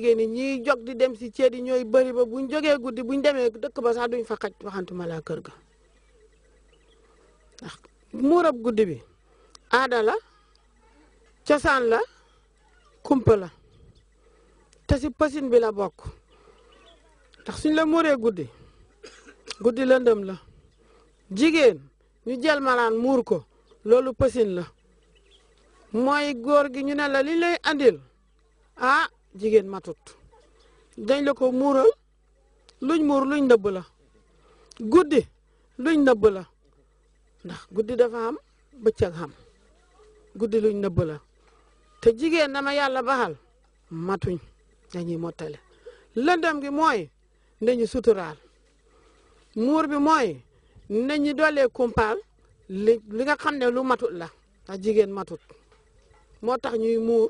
jigéen ñi ñiy jog di dem si ceet yi ñooy bëri ba buñ jógee guddi buñ demee dëkk ba sax duñ fa xaj waxantuma laa kër ga ndax muurab guddi bi aada la cosaan la kumpa la te si pësin bi la bokk ndax suñ la muuree guddi guddi lëndëm la jigéen ñu jël malaan muur ko loolu pësin la mooy góor gi ñu ne la li lay ah jigéen matut dañ la ko muural luñ muur luñ nëbb la guddi luñ nëbb la ndax guddi dafa am bëccëg xam guddi luñ nëbb la te jigéen dama yàlla baxal matuñ dañuy mottale lëndëm gi mooy nañu suturaal muur bi mooy nañu doolee kumpaal li li nga xam ne lu matut la ndax jigéen matut moo tax muur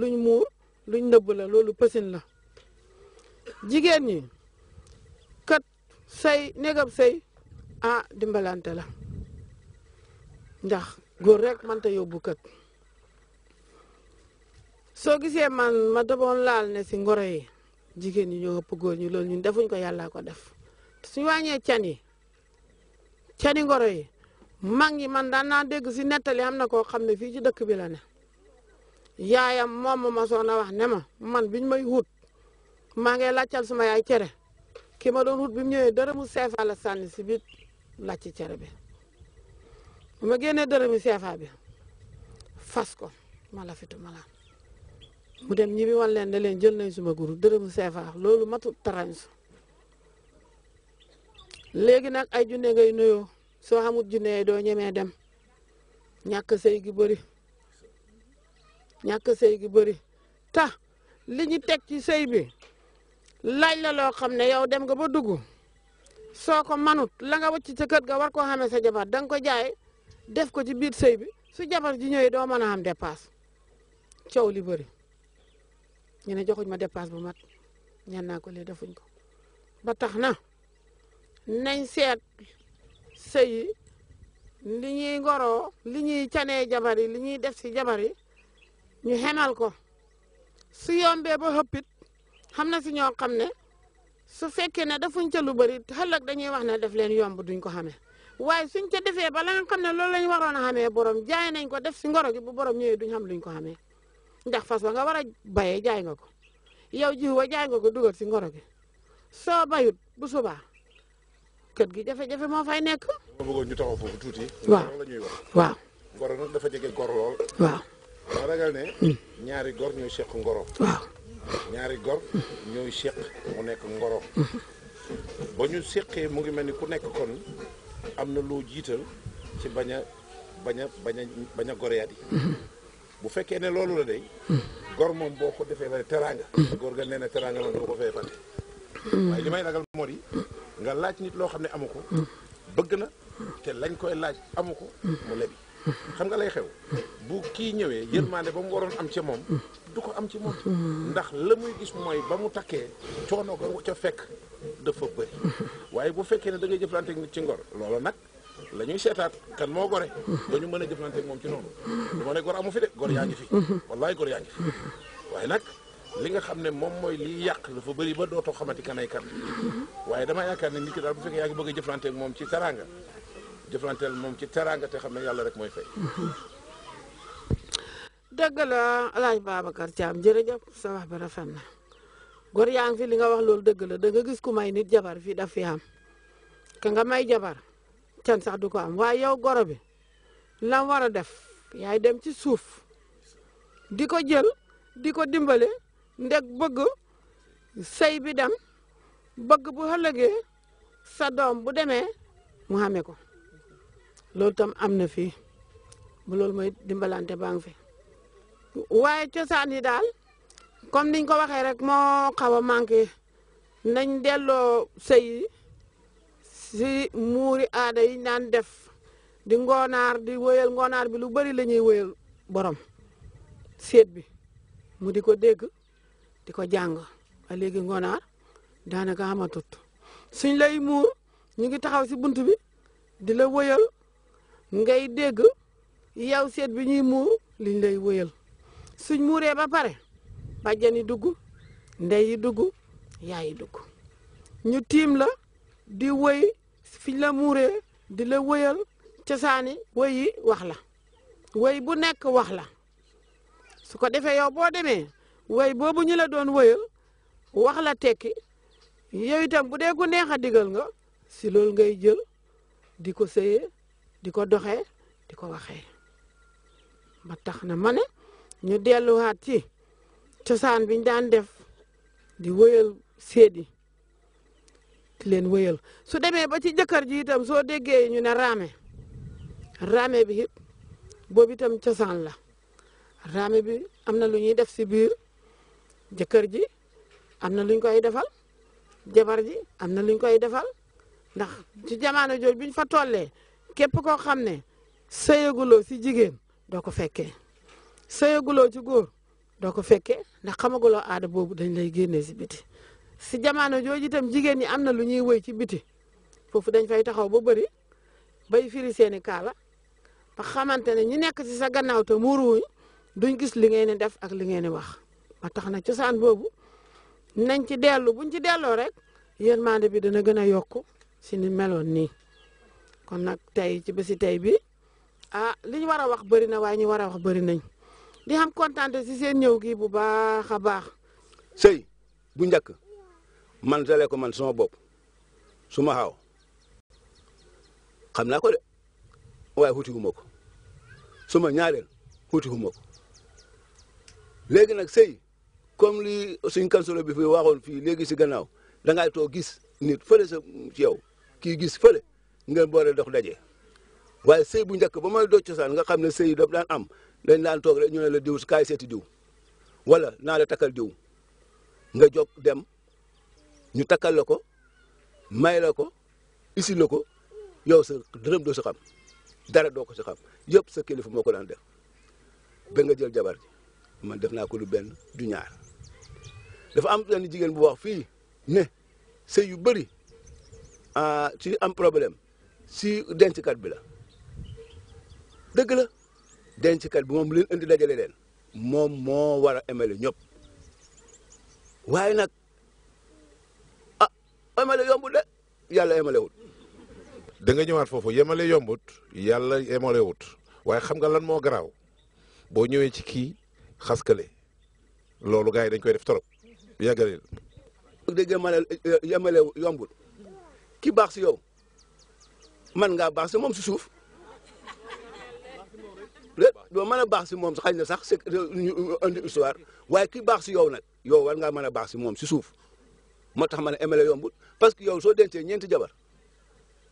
luñ muur luñ nëbb la loolu pësin la jigéen ñi kat say néegam say ah dimbalante la ndax góor rek mënta yóbbu kët soo gisee man ma doon laal ne si ngoro yi jigéen ñi ñoo ëpp góor ñi loolu ñun defuñ ko yàllaa ko def suñu wàññee can yi cani ngoro yi mag ñi man daan naa dégg si nettali am na koo xam ne fii ci dëkk bi la yaayam moom ma soon a wax ne ma man biñ may wut maa ngi laccal sama yaay cere ki ma doon wut bi mu ñëwee dërëmu CFA la sànni si biir lacc cere bi bu ma génnee dërëmu CFA bi fas ko ma la fitu ma laan mu dem ñibi wan leen ne leen jël nañ suma guru dërëmu CFA loolu matu tarañ su léegi nag ay junne ngay nuyoo soo xamut junne doo ñemee dem ñàkk sëy gi ñàkk sëy gi bëri tax li ñu teg ci sëy bi laaj la loo xam ne yow dem nga ba dugg soo ko manut la nga wacc sa kër ga war ko xamee sa jabar da ko jaay def ko ci biir sëy bi su jabar ji ñëwee doo mën a am dépasse coow li bëri ñu ne joxuñ ma dépasse bu mat ñan naa ko le defuñ ko ba tax na nañ seet sëy yi li ñuy ngoroo li ñuy canee jabar yi li ñuy def si jabar yi ñu xenal ko si yombee ba xëppit xam na si ñoo xam ne su fekkee ne defuñ ca lu bëri xëllëg dañuy wax ne def leen yomb duñ ko xamee waaye suñ ca defee ba la nga xam ne loolu lañ waroon a xamee borom jaay nañ ko def si ngoro gi bu borom ñëwee duñ xam luñ ko xamee ndax fas wa nga war a bayee jaay nga ko yow jiw wa jaay nga ko dugal si ngoro gi soo bayut bu subaa kër gi jafe-jafe moo fay nekk. ma bëggoon ñu waaw dafa jege gor lool. ma ragal ne ñaari gor ñooy seq ngoro ñaari gor ñooy seq mu nekk ngoro ba ñu seqee mu ngi mel ni ku nekk kon am na loo jiital ci bañ a bañ a bañ yi bu fekkee ne loolu la day gor moom boo ko defee ne teraanga gor ga nee na teraanga man doo ko fee fàtte waaye li may ragal moo yi nga laaj nit loo xam ne amu ko bëgg na te lañ koy laaj amu ko mu lebi xam nga lay xew bu kii ñëwee yërmande ba mu waroon am ci moom du ko am ci moom ndax la muy gis mooy ba mu takkee coono ga ca fekk dafa bëri waaye bu fekkee ne da ngay jëflante nit ci ngor loolu nag la ñuy seetaat kan moo gore ba ñu mën a jëflante moom ci noonu dama ne gor amu fi de gor yaa ngi fi wallaay gor yaa ngi fi waaye nag li nga xam ne moom mooy liy yàq dafa bëri ba dootoo xamati kanay kan waaye dama yaakaar ne nit ki daal bu fekkee yaa moom ci teraanga jëflanteel moom ci teraanga te xam ne yàlla rek mooy fay. dëgg la El Hadj Babacar Thiam jërëjëf sa wax bi rafet na góor yaa ngi fi li nga wax loolu dëgg la danga gis ku may nit jabar fii daf fi am ka nga may jabar can sax du ko am waaye yow goro bi lam war a def yaay dem ci suuf di ko jël di ko dimbale ndeg bëgg sëy bi dem bëgg bu ëllëgee sa doom bu demee mu xame ko. loolu tam am na fii bu loolu mooy dimbalante baa fi waaye cosaan yi daal comme niñ ko waxee rek moo xaw a manqué nañ delloo sëy si muuri aada yi naan def di ngoonaar di wéyal ngoonaar bi lu bëri la ñuy wéyal seet bi mu di ko dégg di ko jàng a léegi ngoonaar daanaka amatut suñ lay muur ñu ngi taxaw si bunt bi di la wéyal ngay dégg yow seet bi ñuy moo liñ lay wëyal suñ muuree ba pare bàjjan yi dugg ndey yi dugg yaay ñu tiim la di wëy fiñ la muuree di la wëyal cosaani wëy yi wax la wëy bu nekk wax la su ko defee yow boo demee wëy boobu ñu la doon wëyal wax la yow itam bu dee ku neex a digal nga si loolu ngay jël di ko sëyee di ko doxee di ko waxee ba tax na ma ne ñu delluwaat ci cosaan biñ daan def di wëyal séedi di leen wëyal su demee ba ci jëkkër ji itam soo déggee ñu ne raame raame bi it boobu itam cosaan la raame bi am na lu ñuy def si biir jëkkër ji am na luñ koy defal jabar ji am na luñ koy defal ndax ci jamono jooju biñ fa tollee képp koo xam ne sëyaguloo si jigéen doo ko fekkee sëyaguloo ci góor doo ko fekkee ndax xamaguloo aada boobu dañ lay génnee si biti si jamono jooju itam jigéen ñi am na lu ñuy wëy ci biti foofu dañ fay taxaw ba bëri bay firi seeni kaala ba xamante ne ñi nekk si sa gannaaw te muuruwuñ duñ gis li ngeen di def ak li ngeen wax ba tax na cosaan boobu nañ ci dellu buñ ci delloo rek yërmande bi dana gën a yokk si ni meloon nii kon nag tey ci bési tey bi a ah, li war a wax bëri na waaye ñi war a wax bëri nañ di am kontaan si seen ñëw gi bu baax a baax. sëy bu njëkk man dalee ko man sama bopp suma ma xaaw xam naa ko de waaye xuti wu ma ko su ma ñaareel xuti wu ma ko léegi nag sëy comme li suñ kansolo bi fi waxoon fii léegi si gannaaw da ngay gis nit fële sa ci yow gis fële. ngeen boole dox daje waaye sëy bu njëkk ba ma doj cosaan nga xam ne sëy daf daan am dañ daan toog rek ñu ne la diw kaay seeti diw wala naa la takkal diw nga jóg dem ñu takkal la ko may la ko isil ko yow sa dërëm doo sa xam dara doo ko sa xam yëpp sa kilifa moo ko daan def ba nga jël jabar ji man def naa ko lu benn du dafa am jigéen bu wax fii ne sëy yu bëri ah ci am problème si denckat bi la dëgg la denckat bi moom li indi dajale leen moom moo war a emale ñëpp waaye nag ah emale yombut de yàlla yemale wut nga ñëwaat foofu yemale yombut yàlla yemalewut waaye xam nga lan moo garaaw boo ñëwee ci kii xaskale loolu gars yi dañ koy def torop yàggaleel dégg ma ne yemale baax si yow man ngaa baax si moom si suuf lépp doo mën a baax si moom xañ na sax c'est ñu indi histoire waaye ki baax si yow nag yow war ngaa mën a baax si moom si suuf moo tax ma ne MLA yombul parce que yow soo dencee ñeenti jabar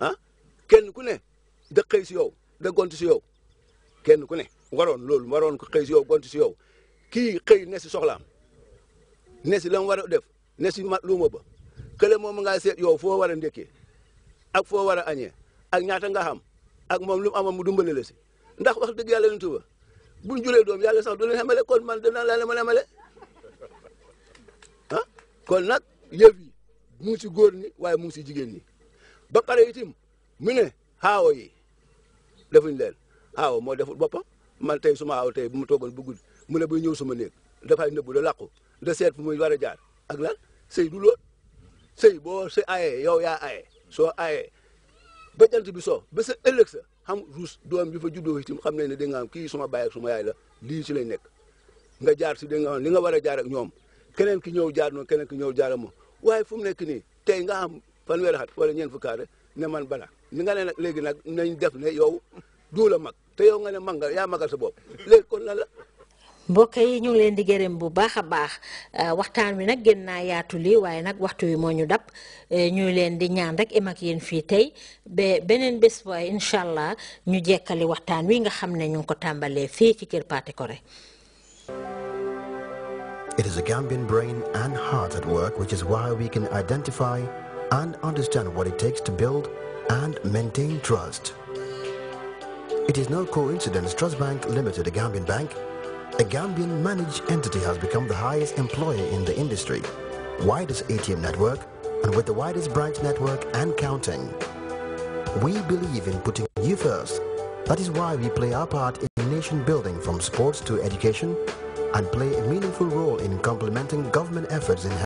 ah kenn ku ne da xëy si yow da gont si yow kenn ku ne waroon loolu waroon ko xëy si yow gont si yow kii xëy ne si soxlaam ne si la war a def ne si mat ba kële moom ngaa seet yow foo war a ndékkee ak foo war a añee ak ñaata nga xam ak moom lu mu amoon mu dumbale la si ndax wax dëgg yàlla yonent ba bu ñu julee doom yàlla sax du leen xamale kon man dana la mën a xamale ah, kon nag yëf yi mu si góor ni waaye mu si jigéen ñi ba pare itam mu ne yi defuñ leen xaawo moo deful boppam man tey suma xaaw tey bu mu toogoon bu guddi mu ne buy ñëw suma néeg dafay nëbbu da làqu da seet fu muy war a jaar ak lan sëy du lool sëy boo sëy ayee yow yaa ayee soo aye ba jant bi soo ba sa ruus doom bi fa juddoo itam xam nañ ne dégg nga am kii suma baay ak suma yaay la lii ci lay nekk nga jaar si dégg am li nga war a jaar ak ñoom keneen ki ñëw jaar noonu keneen ki ñëw jaar ak waaye fu mu nekk nii tey nga am fanweeri at wala ñeent fukki at ne man bala ni nga ne nag léegi nag nañ def ne yow du la mag te yow nga ne mag yaa magal sa bopp kon la mbokk yi ñu leen di gërëm bu baax a baax euh, waxtaan wi nag gën naa yaatu li waaye nag waxtu wi moo ñu dab euh, ñu leen di ñaan rek em ak yéen fii tey beneen bés waaye incha ñu jekkali waxtaan wi nga xam ne ñu ko tàmbalee fii ci kër ko rek It is a Gambian brain and heart at work which is why we can identify and understand what it takes to build and maintain trust. It is no coincidence Trust Bank Limited, a Gambian bank, A Gambian managed entity has become the highest employer in the industry. Widest ATM network and with the widest branch network and counting. We believe in putting you first. That is why we play our part in nation building from sports to education and play a meaningful role in complementing government efforts in